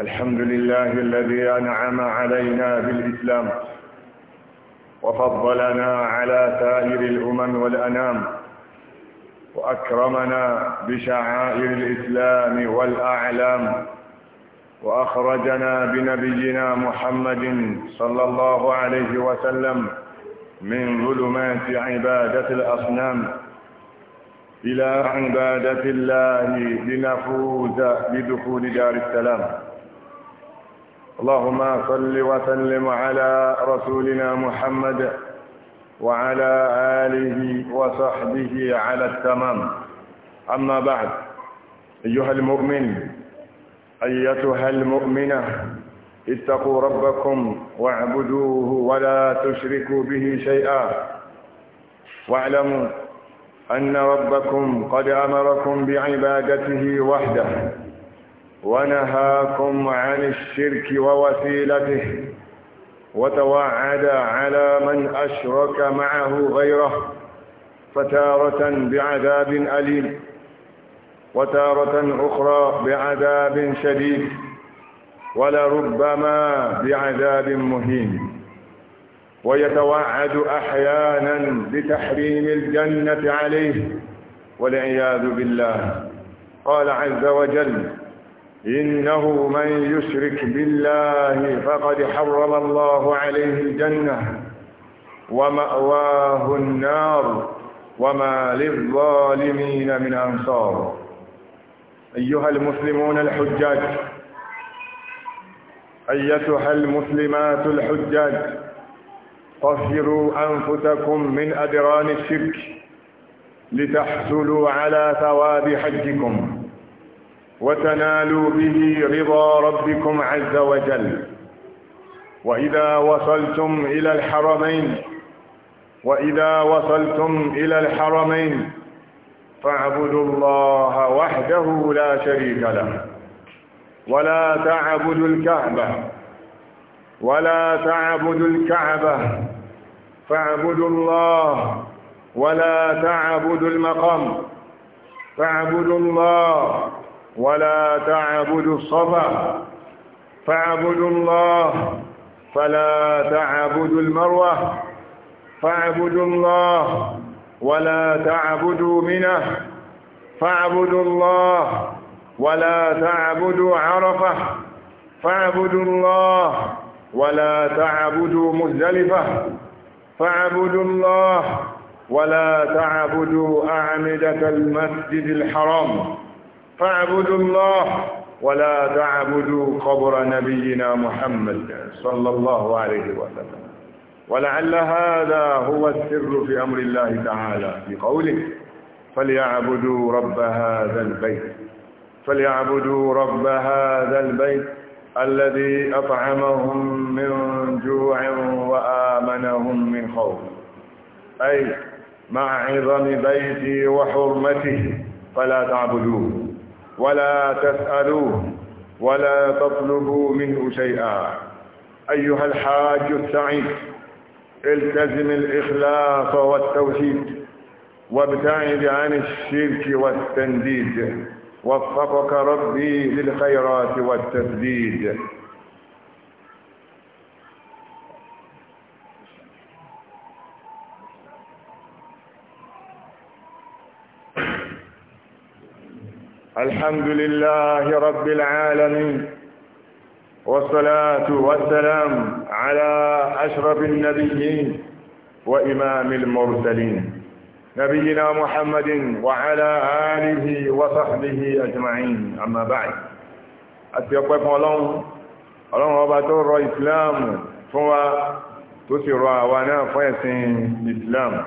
الحمد لله الذي أنعم علينا بالإسلام وفضلنا على سائر الأمم والأنام وأكرمنا بشعائر الإسلام والأعلام وأخرجنا بنبينا محمد صلى الله عليه وسلم من ظلمات عبادة الأصنام إلى عبادة الله لنفوز بدخول دار السلام اللهم صل وسلم على رسولنا محمد وعلى آله وصحبه على التمام أما بعد أيها المؤمن أيتها المؤمنة اتقوا ربكم واعبدوه ولا تشركوا به شيئا واعلموا أن ربكم قد أمركم بعبادته وحده ونهاكم عن الشرك ووسيلته وتوعد على من أشرك معه غيره فتارة بعذاب أليم وتارة أخرى بعذاب شديد ولربما بعذاب مهين ويتوعد أحيانا بتحريم الجنة عليه والعياذ بالله قال عز وجل إنه من يشرك بالله فقد حرم الله عليه الجنة ومأواه النار وما للظالمين من أنصار أيها المسلمون الحجاج أيتها المسلمات الحجاج طهروا أنفسكم من أدران الشرك لتحصلوا على ثواب حجكم وتنالوا به رضا ربكم عز وجل وإذا وصلتم إلى الحرمين وإذا وصلتم إلى الحرمين فاعبدوا الله وحده لا شريك له ولا تعبدوا الكعبة ولا تعبدوا الكعبة فاعبدوا الله ولا تعبدوا المقام فاعبدوا الله ولا تعبدوا الصفا فاعبدوا الله فلا تعبدوا المروة فاعبدوا الله ولا تعبدوا منه فاعبدوا الله ولا تعبدوا عرفة فاعبدوا الله ولا تعبدوا مزدلفة فاعبدوا الله ولا تعبدوا أعمدة المسجد الحرام فاعبدوا الله ولا تعبدوا قبر نبينا محمد صلى الله عليه وسلم ولعل هذا هو السر في أمر الله تعالى في قوله فليعبدوا رب هذا البيت فليعبدوا رب هذا البيت الذي أطعمهم من جوع وآمنهم من خوف أي مع عظم بيتي وحرمته فلا تعبدوه ولا تسألوه ولا تطلبوا منه شيئا أيها الحاج السعيد التزم الإخلاص والتوحيد وابتعد عن الشرك والتنديد وفقك ربي للخيرات والتسديد الحمد لله رب العالمين والصلاة والسلام على أشرف النبيين وإمام المرسلين نبينا محمد وعلى آله وصحبه أجمعين أما بعد أتيقف الله الله أبطر إسلام فهو تسر وانا فيسن الإسلام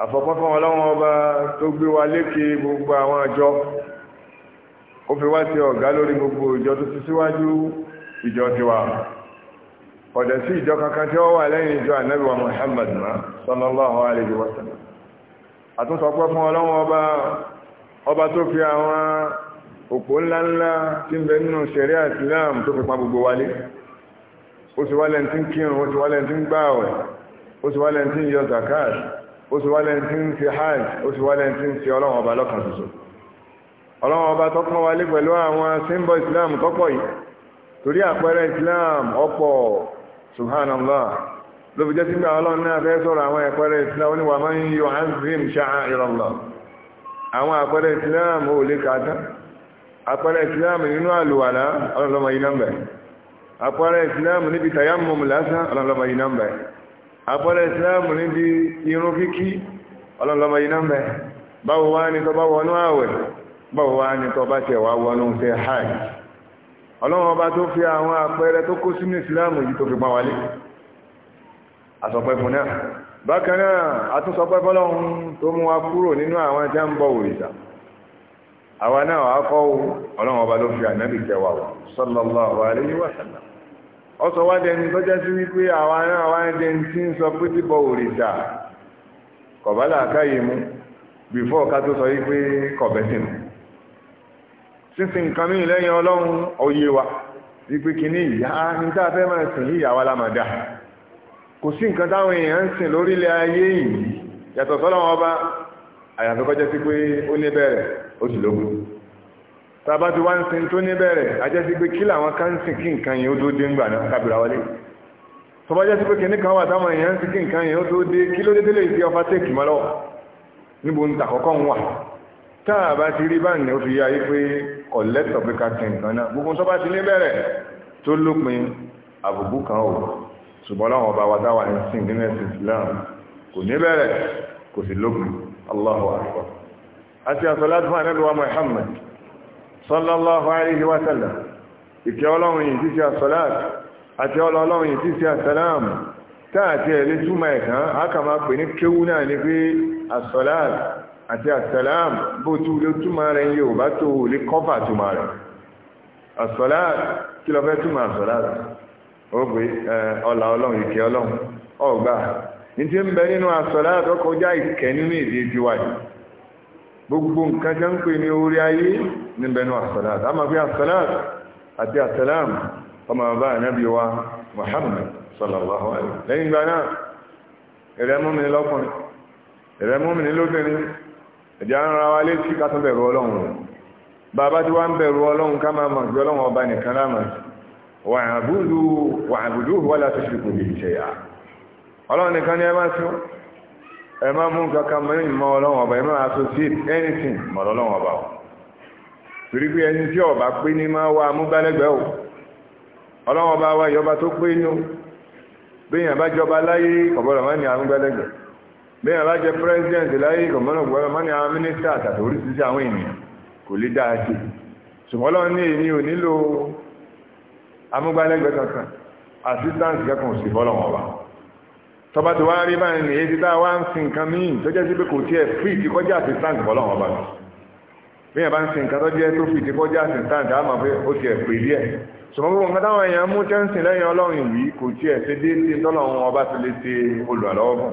أفقف الله أبطر بوالك بوالك بوالك ó fi wá sí ọ̀gá lórí gbogbo ìjọ tó ti síwájú ìjọ tiwa ọ̀dẹ̀ sí ìjọ kankan tí ó wà lẹ́yìn ìjọ ànábì wa Muhammad ma sallallahu alaihi wa sallam àtúnsọpẹ́ fún ọlọ́wọ́ ọba ọba tó fi àwọn òpó ńláńlá tí ń bẹ nínú ṣẹ̀ríà Islam tó fi pa gbogbo wálé ó sì wálẹ̀ tí ń kírun ó sì wálẹ̀ tí ń gbààwẹ̀ ó sì wálẹ̀ tí ń yọ zakat ó sì wálẹ̀ tí ń fi hajj ó sì wálẹ̀ tí ń fi ọlọ́wọ́ ọba lọ́kàn tuntun ọlọ́wọ́n ọba tọ́kàn wálé pẹ̀lú àwọn símbọ̀ islam tọ́pọ̀ yìí torí àpẹẹrẹ islam ọ̀pọ̀ subhanallah ló fi jẹ́ sí pé ọlọ́run náà fẹ́ sọ̀rọ̀ àwọn àpẹẹrẹ islam ó ní wà máa ń yọ azim sha'a'ir Allah àwọn àpẹẹrẹ islam ò lè kàtá àpẹẹrẹ islam nínú àlùwàlá ọlọ́lọ́mọ yìí náà bẹ̀ àpẹẹrẹ islam níbi tayammum lásán ọlọ́lọ́mọ yìí náà bẹ̀ àpẹẹrẹ islam níbi wá ní tọ́ bá wọnú bọ́ọ̀ wá ní tọ́ bá ṣẹ̀ wá wọnú tẹ hajj ọlọ́run ọba tó fi àwọn àpẹẹrẹ tó kó sínú ìsìláàmù yìí tó fi pán wálé àsọpẹ́ fún náà bákan náà àtúnsọpẹ́ fọ́lọ́run tó mú wa kúrò nínú àwọn tí a ń bọ òrìṣà àwa náà wà kọ́ ọlọ́run ọba ló fi ànábì kẹwàá wà sallallahu sọ wá pé bíbọ òrìṣà sínsìn nǹkan mí lẹ́yìn ọlọ́run òye wa wípé kìíní ìyá ní tá a fẹ́ máa sìn yí ìyàwó alámàdá kò sí nǹkan táwọn èèyàn ń sìn ọba àyàfi kọjá sí pé ó ní bẹ̀rẹ̀ ó sì lógún tàbá ti wá ń sin tó ní bẹ̀rẹ̀ ajẹ́ sí pé kí làwọn kan ń sìn kí nǹkan yìí ó tó dé ńgbà náà kábìrà wọlé jẹ́ kọ̀lẹ́tọ̀ pé ká kí nǹkan náà gbogbo tó bá ti ní bẹ̀rẹ̀ tó lópin àbùkù kan ò ṣùgbọ́n láwọn ọba wátáwà ní sin nínú ẹ̀sìn Islam kò ní bẹ̀rẹ̀ kò sí lópin Allahu akbar àti àsọ̀láàtù fún àrẹ́lúwà Muhammad sallallahu alaihi wa sallam ìkẹ́ ọlọ́run yìí títí àsọ̀láàtù àti ọlọ́run yìí títí àsàlámù táàtì ẹ̀lẹ́túmọ̀ ẹ̀kan á kà máa pè ní kéwú náà ní pé àsọ̀láàtù àti àsàlám bó tú ló túmọ̀ rẹ̀ yóò bá tó lè kọ́fà túmọ̀ rẹ̀ àsàlá kí lọ fẹ́ túmọ̀ àsàlá rẹ̀ ó pé ọlà ọlọ́run ìkẹ́ ọlọ́run ọgbà ní ti ń bẹ nínú àsàlá tó kọjá ìkẹ́ nínú èdè gbogbo nǹkan nkwenye ń pè ní orí ayé níbẹ̀ nínú àsàlá a máa fi àsàlá àti àsàlám ọmọ bàbá ànábì wa Muhammad sallallahu alaihi lẹ́yìn gbà náà ìrẹ́mú ẹ̀jẹ̀ ara wa létí ká tún bẹ̀rù ọlọ́run bàbá tí wá ń bẹ̀rù ọlọ́run ká máa mọ̀ sí ọlọ́run ọba nìkan láàmà wàhàbùdú wà láti ṣe kò lè ṣe ọlọ́run nìkan ni ẹ máa sún ẹ máa mú nǹkan mọ́ ìmọ̀ ọlọ́run ọba ẹ máa associate anything mọ̀ ọlọ́run ọba o torí ọba pé ní máa wá o ọlọ́run ọba tó pé inú bí èèyàn bá jọba láyé bí ẹ bá jẹ pírẹsidẹ́ǹtì láyé ìgbọ̀nmọ́nà gbọ́dọ̀ mọ́ ní àwọn mínísítà àtàtà oríṣiríṣi àwọn ènìyàn kò lè dáa sí ṣùgbọ́n lọ́wọ́ ní èyí ò nílò amúgbálẹ́gbẹ̀ẹ́ kankan assistance kankan sì bọ́ lọ́wọ́ wa tọba tí wàá rí báyìí ní èyí tá a wá ń sin nǹkan míì tó jẹ́ sí pé kò tiẹ̀ free ti kọjá assistance bọ́ lọ́wọ́ wa bí ẹ bá ń sin nǹkan tó jẹ́ tó free ti kọjá assistance á mọ̀ pé ó tiẹ̀ pè díẹ̀ ṣùgbọ́n gbogbo nǹkan táwọn èèyàn mú tẹ́ǹsìn lẹ́yìn ọlọ́run yìí kò tiẹ̀ ṣe déédéé tọ́lọ́run ọba ti lè ṣe olùrànlọ́wọ́ fún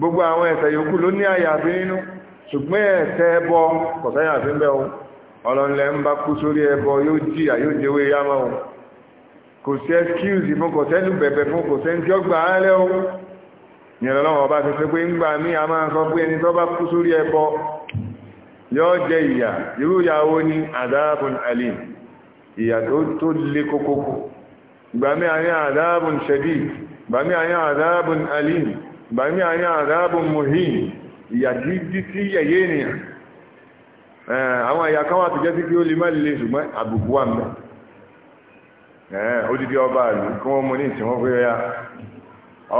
gbogbo àwọn ẹ̀ṣẹ̀ yòókù ló ní àyàfi nínú ṣùgbọ́n ẹ̀ṣẹ̀ ẹbọ kọ̀sáyàfi bẹ́ o ọlọ́nlẹ̀ ń bá kú sórí ẹbọ yóò jìyà yóò jẹ́wé yámọ́ o kò sí ẹ́skíùsì fún kò sẹ́nu bẹ̀bẹ̀ fún kò sẹ́ni tí ó gbà á lẹ́ o yẹn lọ́wọ́ bá ti sọ alim ìyà tó le kókókó gbàmí àyà àdáàbùn shadid gbàmí àyà àdáàbùn alim bàmí àní àdáàbùn mohin ìyàjíjí sí ẹ̀yẹ ènìyàn àwọn ẹ̀yà kan tó jẹ́ sí kí ó lè má lè ṣùgbọ́n àbùkù wà mẹ́ odidi ọba àlù kí wọ́n mú ní ìsìn wọ́n pé ya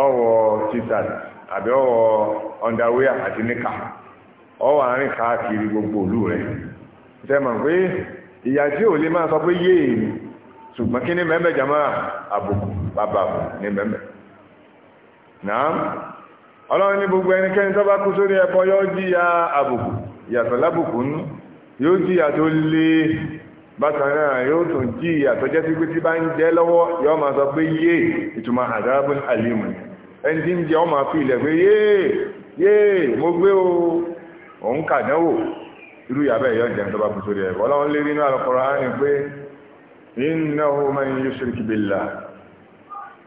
ọwọ́ títàn àbí ọwọ́ ọ̀ndàwíà àti níkà ọwọ́ àárín káàkiri gbogbo òlú rẹ̀ tẹ́mọ̀ pé ìyà tí ò lè máa sọ pé yéè ṣùgbọ́n kí ní mẹ́mẹ́ jàmáà àbùkù bàbà ní mẹ́mẹ́ náà ọlọ́run ní gbogbo ẹnikẹ́ni tó bá kú sórí ẹbọ yóò jíyà àbùkù ìyàtọ̀ lábùkù nú yóò jíyà tó lé bákan náà yóò tún jíyà tó jẹ́ sí pé tí bá ń jẹ lọ́wọ́ yóò máa sọ pé yé ìtumọ̀ àdábùn àlímù ẹni tí ń jẹ ọmọ àfi ilẹ̀ pé yé yé mo gbé o òun kàdánwò irú ìyàbẹ̀ yóò jẹ́ tó bá kú sórí ẹbọ ọlọ́run lé nínú Al-Qur'ani pé innahu man yushrik billah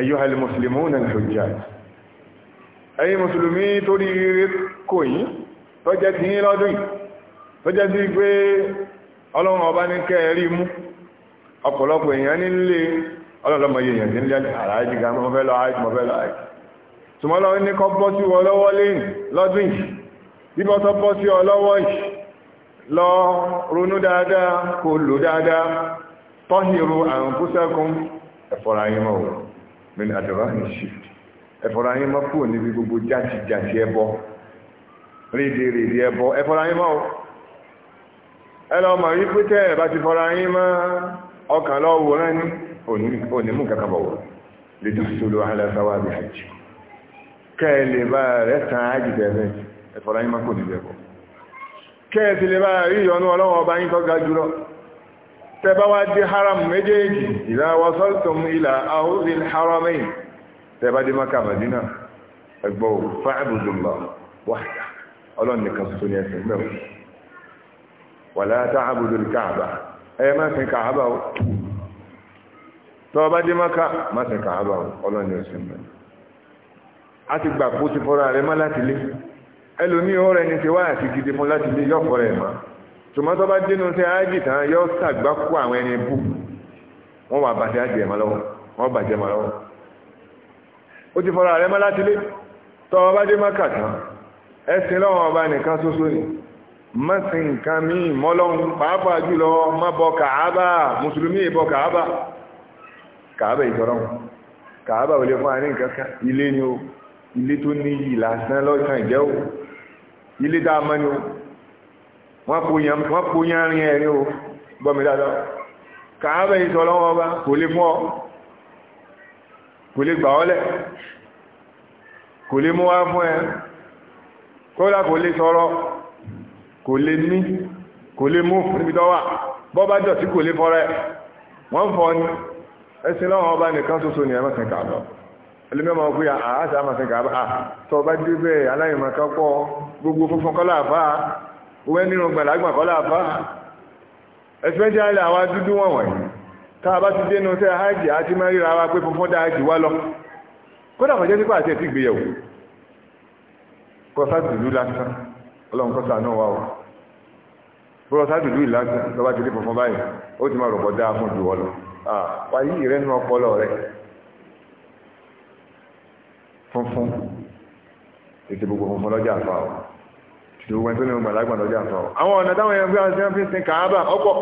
ayyuha al-muslimun al-hujjaj ẹ̀yin mùsùlùmí tó rí rí kò yí tó jẹ́ ti yí lọ́dún tó jẹ́ sí pé ọlọ́run ọba ní kẹ́ẹ̀rí mú ọ̀pọ̀lọpọ̀ èèyàn nílé ọlọ́lọ́mọ yìí èèyàn nílé àrájì gan mọ́fẹ́ lọ àìjì mọ́fẹ́ lọ àìjì tùmọ́lọ́ ní kọ́ bọ́ sí wọ lọ́wọ́ lẹ́yìn lọ́dún yìí bíbọ́ tó bọ́ sí ọ lọ́wọ́ yìí lọ ronú dáadáa kó lò dáadáa tọ́hìrù àrùn kúsẹ́kùn ẹ̀fọ́ra yìí mọ́ òun min àdúrà ní shift ẹ̀fọ́ra yín mọ́ kúrò níbi gbogbo jáde jáde ẹbọ rédè rédè ẹbọ ẹ̀fọ́ra yín mọ́ o ẹ lọ mọ̀ wípé tẹ́ ẹ̀ bá ti fọ́ra yín mọ́ ọkàn lọ wò rán ní onímù kankan bọ̀ wò lè tó tó lo àhàlẹ́ tẹ́bá wá dé haram méjèèjì ìlà wasaltum ìlà ahúzil haramain tẹ́bá dé maka madina ẹgbọ́ fa'ibudullah wahda ọlọ́run nìkan tó ní ẹsẹ̀ mẹ́rin wala ta'budul káàbà ẹ má sin káàbà o tọ́ọ̀bá dé maka má sin káàbà o ọlọ́run ní ẹsẹ̀ mẹ́rin a ti gbà kó ti fọ́ra rẹ̀ má láti lé ó rẹ̀ ní ti wáyà ti gidi fún láti lé rẹ̀ máa ṣùgbọ́n tó bá dénú sí ájì tán yọ ṣàgbákò àwọn ẹni bú wọ́n wà bàtẹ́ ájì ẹ̀mọ́ lọ́wọ́ wọ́n bàjẹ́ mọ́ lọ́wọ́ ó ti fọ́ra rẹ̀ mọ́ láti lé tọ́ ọba dé má kàtà ẹ̀sìn lọ́wọ́ ọba nìkan ṣoṣo ni má sì nǹkan míì mọ́lọ́run pàápàá jùlọ má bọ kàábà mùsùlùmí ìbọ kàábà kàábà ìtọ́rọ̀hún kàábà ò lè fún àárín kankan ilé ni o ilé tó níyì lásán lọ́sàn ìjẹ́ o ilé tá a mọ́ ni o wọ́n kó yán rí ẹ̀rí o gbọ́mí dáadáa kàábẹ̀ ìsọ̀ lọ́wọ́ ọba kò lè fún ọ kò lè gbà ọ́lẹ̀ kò lè mú wá fún ẹ kódà kò lè sọ̀rọ̀ kò lè ní kò lè mú níbi tọ́wà bọ́bá jọ tí kò lè fọ́rẹ́ wọ́n fọ́ ní ẹsìn lọ́wọ́ ọba nìkan ṣoṣo ní ẹmọ́sìn kààbọ̀ ẹlẹ́mẹ́mọ́ pé àásà ẹmọ́sìn wẹ́ nínú gbàlágbà kọ́lá àfá especially àwọn dúdú wọ̀n wọ̀nyí tá a bá ti dénú sẹ́ hajj àti mẹ́rìnra wa pé funfun dá hajj wá lọ kódà kọjá sípò àti ẹ̀tí ìgbéyàwó kọsá dúdú lásán ọlọ́run kọsá náà wà wà kọsá dúdú ìlásán lọ́ba ti dé funfun báyìí ó ti máa rọ̀bọ̀ dáa fún ju wọ́n lọ wáyé ìrẹ́nu ọpọlọ rẹ funfun ètò gbogbo funfun lọ́jà àfáà ìwọ̀n tó ní ọmọ alágbàdọ́jà sọ àwọn ọ̀nà táwọn ẹ̀yàn fi ń fi sin kàábà ọ̀pọ̀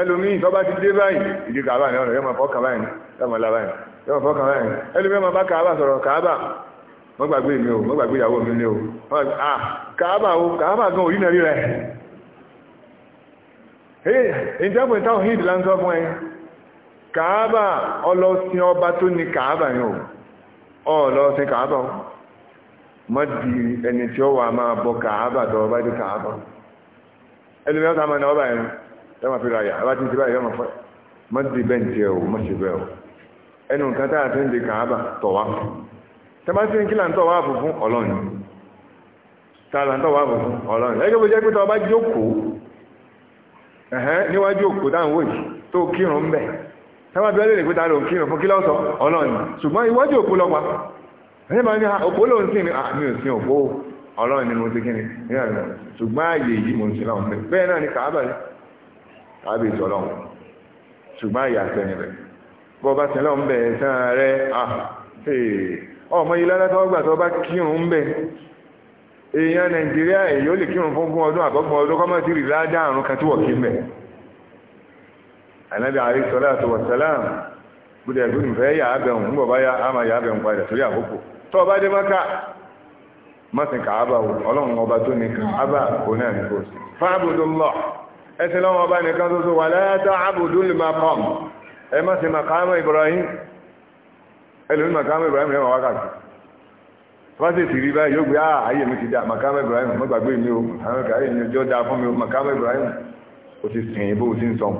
ẹlòmíì tó bá ti dé báyìí ìdí kàábà ní ọ̀nà yóò máa fọ́kàn báyìí yóò máa la báyìí yóò máa fọ́kàn báyìí ẹlòmíì máa bá kàábà sọ̀rọ̀ kàábà wọ́n gbàgbé mi o wọ́n gbàgbé ìyàwó mi lé o ah, kàábà o kàábà gan orí nàrí rẹ̀ ìjẹ́pẹ̀ táwọn hìd láńsọ fún ẹ kàábà ọlọ́sìn o ọlọ́sìn kàábà o má di ẹni tí ó wà máa bọ kàábà tó ọba dé kàábà ẹlòmíràn tó máa ní ọba yẹn yóò máa fi ra yà ọba tí ń ti báyìí yóò máa fọ má di bẹ́ǹtì ẹ̀ o má ṣe bẹ́ẹ̀ o ẹnu nǹkan tá a ti ń di kàábà tọ̀ wá fún tẹ́lá sí ní kí là wá fún fún ọlọ́run tá a wá fún fún ọlọ́run ẹgbẹ́ bó jẹ́ pé tọba jókòó ẹ̀hẹ́n níwájú òkú dáhùn wòyí ẹni máa ní òpó ló ń sìn ní àmì òsìn òpó ọlọ́run ni mo ti kí ni ní àná ṣùgbọ́n àyè yìí mo ń sìn láwọn fẹ́ náà ni kàábà ni kàábà ìtọ́ ọlọ́run ṣùgbọ́n àyè àtẹ̀yìn rẹ̀ bọ́ bá sin lọ́n bẹ̀ sán rẹ̀ ọmọ yìí lálátọ́ gbà tó bá kírun bẹ̀ èèyàn nàìjíríà èyí ó lè kírun fún fún ọdún àkọ́gbọ̀n ọdún kọ́mọ̀ sí rí ládàrún kan tí wọ́n kí mẹ́ ànábì àrí sọ́lá àtọwọ̀sálàm búdẹ̀ gbúdùn fẹ́ yà á bẹ̀rùn ń bọ̀ bá yá á máa yà á bẹ̀rùn padà sórí àkókò tó bá dé mọ́ká mọ́sìn kàábà wò ọlọ́run ọba tó ní kàábà kò náà ní kò sí fáàbùdó lọ ẹsìn lọ́wọ́ ọba nìkan tó tó wà láyátá àbùdó lè máa kọ́ ẹ mọ́sìn màkàmọ́ Ibrahim ẹlòmí màkàmọ́ Ibrahim rẹ̀ wákàtí fásitì ti rí báyìí yóò gbé ààyè ah, mi ti dá màkàmọ́ Ibrahim mọ́ gbàgbé mi o àwọn kàáyè mi jọ dá fún mi o màkàmọ́ Ibrahim o ti sìn ìbò sí nsọ̀n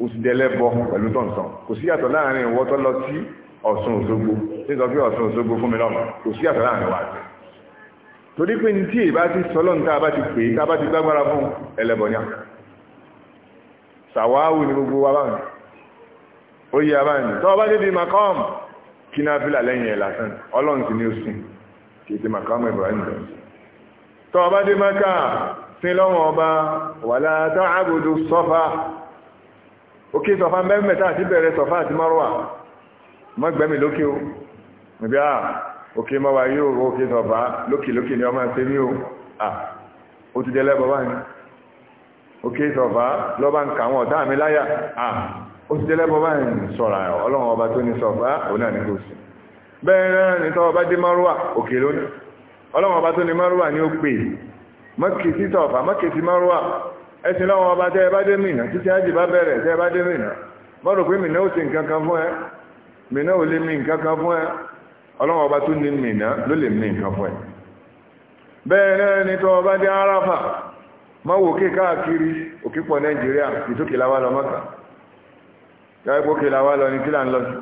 o ti dẹ́lẹ́bọ pẹ̀lú tọ̀nsọ̀n kò sí yàtọ̀ láàrin ìwọ́tọ́ lọ sí Ọ̀ṣun Òṣogbo tí sọ pé ọ̀sán òṣogbo fún mi lọ́mọ kò sí àtàrà àmì wà sí torí pé ní tí èyí bá ti sọ lọ́nà tá a bá ti pè é tá a bá ti gbágbára fún ẹlẹ́bọ̀ ní àkàrà sàwáwù ní gbogbo wa báyìí ó yí abáyìí tó ọba débi makọ́m kí náà fílà lẹ́yìn ẹ̀ lásán ọlọ́run sí ní òsì kì í ti Ibrahim lọ tó ọba dé maka sí lọ́wọ́ ọba wàlá tó àgùdù sọ́fà òkè sọ́fà mẹ́mẹ́ta àti bẹ̀rẹ̀ sọ́fà àti márùwà mọ́gbẹ́mi lókè o níbi oke òkè mọ́wà yóò oke òkè loki loki ni ọmọ ẹ̀sẹ̀ ní o a ah, ó ti dẹ́lẹ́ bọ́ báyìí òkè tọ̀bá lọ́ba ń kà wọ́n ọ̀tá mi láyà ah, à ọba tó ní sọ̀bá òun náà ní kò sí bẹ́ẹ̀ náà oke ọba tó ní márùwà ní ó ma ọba tẹ́ ẹ bá dé mìíràn títí ájì bá bẹ̀rẹ̀ tẹ́ ẹ bá dé mìíràn mi nǹkan kan fún ọlọ́wọ́ ọba tó ní mìíràn ló lè mìí nǹkan fún ẹ̀ bẹ́ẹ̀ náà ni tọ́ ọba dé aráfà máa wò kí káàkiri òkípọ̀ nàìjíríà ìtókèláwà lọ mọ́ta káàkókèláwà lọ ní kílà lọ sí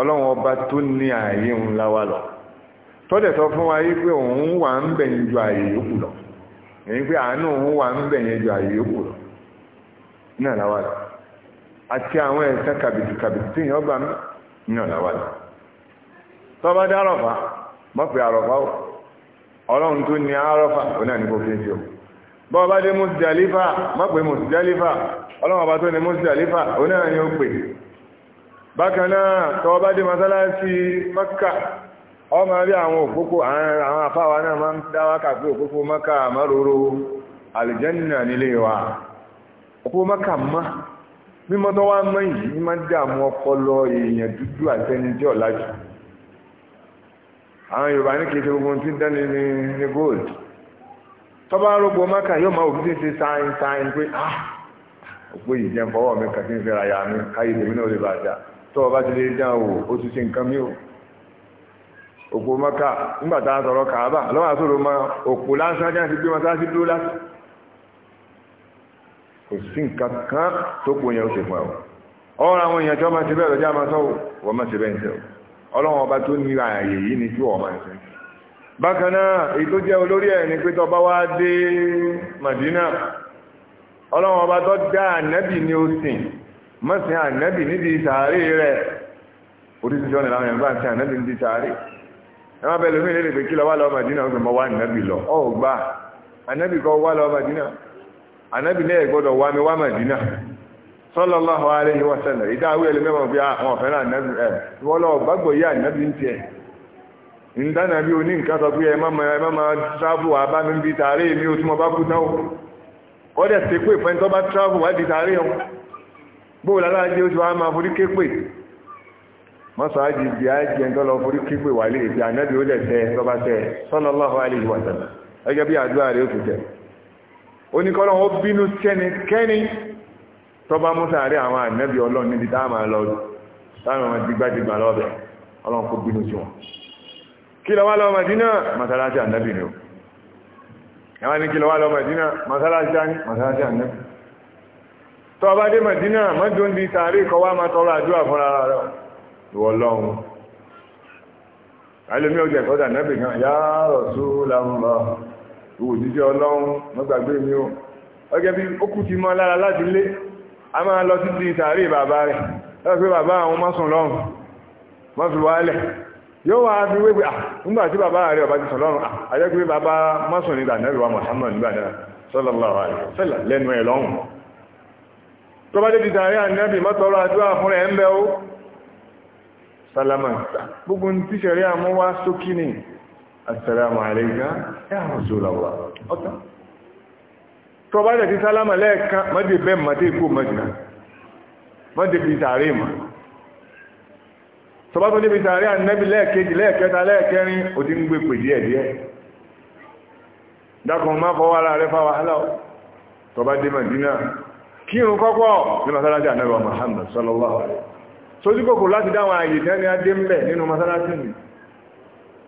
ọlọ́wọ́ ọba tó ní ààyè ń lọ sọ fún wa yí pé òun wà ju ààyè yòókù lọ èyí pé àánú òun wà ń ju ààyè yòókù lọ náà lọ àti àwọn tí t'ọba dé àrọ̀fà mọ̀ pé àrọ̀fà o ọlọ́run tó ní àrọ̀fà ó náà ní kò fi ṣe o bọ́ọ̀ bá dé Musdalifa mọ̀ ọlọ́run ọba tó ní Musdalifa ó náà ní ó pè bá dé masalasi Maka ọmọ rí àwọn òpópó àwọn afáwa náà máa ń dáwákà pé òpópó Maka márùrù alìjẹ́nà nílé wa Maka mímọ́tọ́wá mọ́ yìí má ọpọlọ èèyàn dúdú àwọn yorùbá ní kìí ṣe gbogbo tí ń ní gold tọ́ba arógbó maka yóò máa òbí ṣe sáyìn sáyìn pé ah òpó yìí jẹun fọwọ́ mi kàtí ń fẹ́ra ya mi káyé náà ọba ti lè dán o ó ti mi o òpó maka nígbà tá a sọ̀rọ̀ kàábà lọ́wọ́ ma òpó lásán jáde gbé wọn dúró lásán kò sí nǹkan kan tó pò yẹn ó ṣe fún ẹ o ọ̀rọ̀ àwọn ọlọ́run ọba tó ní ààyè yìí ni tí ọmọ ẹ̀sẹ̀ bákan náà èyí tó jẹ́ olórí ẹ̀ ni pé tó bá wá dé Madina ọlọ́run ọba tó dá ànẹ́bì ní ó sìn mọ́sìn ànẹ́bì nídìí sàárè rẹ̀ oríṣiríṣi ọ̀nà làwọn ẹ̀gbọ́n àti ànẹ́bì nídìí sàárè ẹ̀wọ́n abẹ́ lómi lè pè kí lọ wá lọ Madina ó sì mọ wá ànẹ́bì lọ ọ̀ gbà ànẹ́bì kọ́ wá lọ Madina ànẹ́bì lẹ́yìn gbọ́dọ̀ wá mi wá Madina sọ́lọ́lọ́hù aléhi ìdáwó ẹlẹ́mẹ́wọ̀n bí àwọn ah, ọ̀fẹ́ náà nẹ́bí eh, ẹ̀ wọ́lọ́ gbàgbọ́ yá nẹ́bí ń tiẹ̀ ìdáná bí oní nǹkan sọ pé ẹ má máa ẹ má máa travel abámi bí tààrí mi bá kú náà dẹ̀ ṣe pé ìfẹ́ travel wá di tààrí oṣù forí bí ń tọ́lọ forí ó tọ́ba bí àdúrà ó ti tọ́ba musa rí àwọn ànábì ọlọ́run níbi tá a máa lọ táwọn ọmọ dìgbàdìgbà lọ́bẹ̀ ọlọ́run kó bínú sí wọn kí lọ wá lọ Mádínà masalasi ànábì ni o ẹwà ní kí lọ wá lọ Mádínà masalasi àní masalasi tọ́ba dé Mádínà mọ́jọ́ di sàárè kọ́ wá máa tọrọ àdúrà fún ara rẹ̀ ìwọ lọ́run alómi ọjà ẹ̀kọ́ ànábì kan yá Rasulullah ìwòjíjẹ́ ọlọ́run mọ́gbàgbé mi o ọjọ́ bí ó kú ti mọ́ lára láti lé a máa lọ títí tààrí bàbá rẹ̀ lọ́pẹ́ bàbá àwọn mọ́sùn lọ́rùn wọ́n fi wálẹ̀ yóò wá fi wé pé à ah, nígbà tí bàbá rẹ̀ ọba ti sùn lọ́rùn àjẹ́ ah, pé bàbá mọ́sùn nígbà náà wà Muhammad nígbà náà sallallahu alaihi wasallam lẹ́nu ẹ̀ lọ́rùn tó bá dé ti tààrí ànẹ́bì assalamu alayka ya Rasulullah ọ̀tá tọba jẹ́ ti sálámà lẹ́ẹ̀kan mọ́dé bẹ́ mọ́dé kó mọ́dínà mọ́dé bí tààrí mọ́ tọba tó níbi tààrí annabi lẹ́ẹ̀kejì lẹ́ẹ̀kẹta lẹ́ẹ̀kẹrin ò ti ń gbé pè díẹ̀ díẹ̀ dákùn má fọwọ́ ara rẹ fáwọn ọ. tọba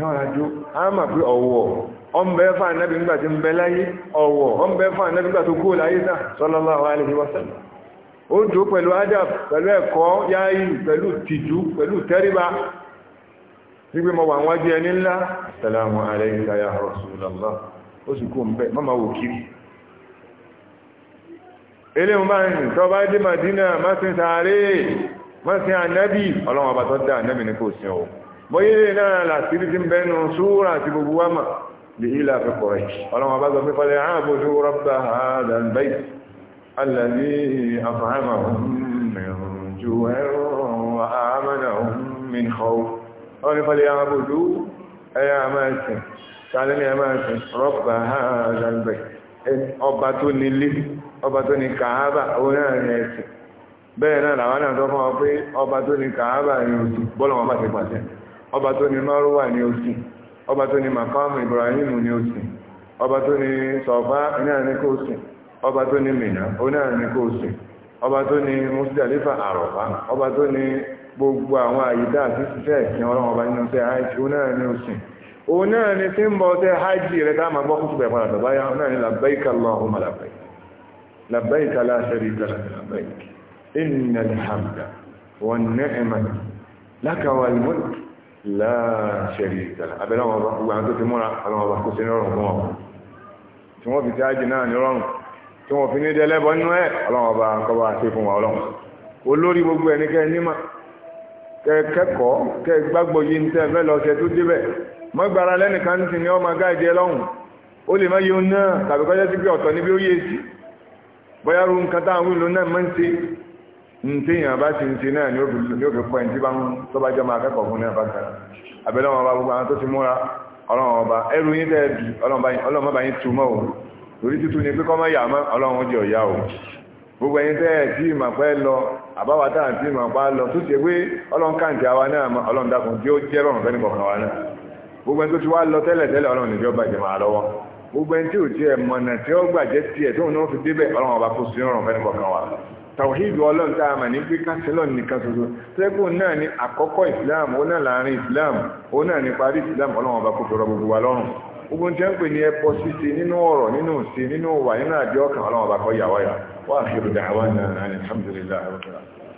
yọ́nàjò a ama pé ọ̀wọ̀ ọmọbẹ̀ fà anabi nígbà tí ń bẹ láyé ọ̀wọ̀ ọmọbẹ̀ anabi náàbí nígbà náà alaihi wasan o dò pẹlu adab pẹlu ẹ̀kọ́ pẹlu mọ wà wájú ẹni ńlá salamu ya Rasulullah ó sì kó ń bẹ́ mọ́mà wò kiri ilé mọ́ báyìí tọ́ bá dé Madina má sin sàárè má sin ànábì ọlọ́wọ́n bá tọ́ ní kò bóyílé náà làtírí tí ń bẹnu súúrà àti gbogbo wa mà lè ilà fi kọ̀rẹ̀ ọlọ́wọ́ bá sọ pé falẹ̀ ààbòdó rọ́bà àdàbáì alàní àfàhàmà ju ẹ̀rọ àmàna min khawf ọlọ́ni falẹ̀ ààbòdó ẹ̀yà àmàṣìn tààlẹ́ ni àmàṣìn rọ́bà àdàbáì ọba tó nílé ọba tó ní kàábà orí àrin ẹ̀sìn bẹ́ẹ̀ náà làwọn náà fún ọ pé ọba tó ní kàábà yìí bọ́lọ̀ wọn bá ti pàṣẹ ọba tó ní márùwà ní òsìn ọba tó ní makamu ibrahim ní òsìn ọba tó ní sọ̀fá náà ní kó sìn ọba tó ní mìnà ó náà ní kó sìn ọba tó ní musdalifa àrọ̀fá ọba tó ní gbogbo àwọn àyíká àti ṣiṣẹ́ ìsìn ọlọ́run ọba nínú tẹ́ hajj ó náà ní òsìn ó náà ní tí ń bọ́ tẹ́ hajj rẹ̀ tá gbọ́ kúkú bẹ̀ padà bàbá yá náà ní labbaika allahumma labbaik labbaika la sharika lak labbaik innal hamda wan ni'mata láàṣẹ̀rì ìtàlá abẹ́lẹ́ àwọn ọba gbogbo àwọn tó ti múra àwọn ọba kó sí nírọ̀rùn fún wọn tí wọ́n fi ti ájì náà nírọ̀rùn tí wọ́n fi ní dẹ́lẹ́bọ̀ nínú ẹ̀ ọlọ́run ọba kọ́ba ṣe fún wa ọlọ́run olórí gbogbo ẹ̀ ní kẹ́ nímọ̀ kẹ́ kẹ́kọ̀ọ́ kẹ́ gbàgbọ́ yìí ń tẹ́ fẹ́ lọ ṣe tó débẹ̀ mọ́gbàrá lẹ́nìkan ti ní ọmọ gáàdì ẹlọ́run ó lè má yóò náà tàbí kọ́jọ́ sí pé ọ̀tọ̀ níbi ó yé sí bọ́yá ru nǹkan táwọn wíìlú náà máa ń ṣe ntéèyàn bá ti ń ṣe náà ni ó fi pọ̀ ẹ̀ntí bá ń tọ́bá jọ máa kẹ́kọ̀ọ́ fún náà bákan àbẹ̀lẹ̀ wọn bá gbogbo àwọn tó ti múra ọlọ́run ọba ẹrù yín tẹ́ bí ọlọ́run bá yín tu mọ́ o torí títú ni pé kọ́mọ́ yà mọ́ ọlọ́run ó jẹ́ ọ̀yá o gbogbo ẹ̀yin tẹ́ tí ìmọ̀ pẹ́ lọ àbáwá tá à ń tí ìmọ̀ pa lọ tó ṣe pé ọlọ́run káǹtì àwa náà mọ́ ọlọ́run dákun tí ó jẹ́ rọrùn fẹ́ni kọ̀ọ̀kan wa náà gbogbo tàwíìdì ọlọ́run tá a mà ní pé kásílọ̀ nìkan ṣoṣo tẹ́kùn náà ni àkọ́kọ́ islam ó náà láàrin islam ó náà ní parí islam ọlọ́run ọba kò tọrọ gbogbo wa lọ́rùn ogun tí wọ́n pè ní ẹbọ ṣíṣe nínú ọ̀rọ̀ nínú ṣe nínú wà nínú àdéhọ́kàn ọlọ́run ọba kọ́ yàwáyà wà á fi rúdà àwọn náà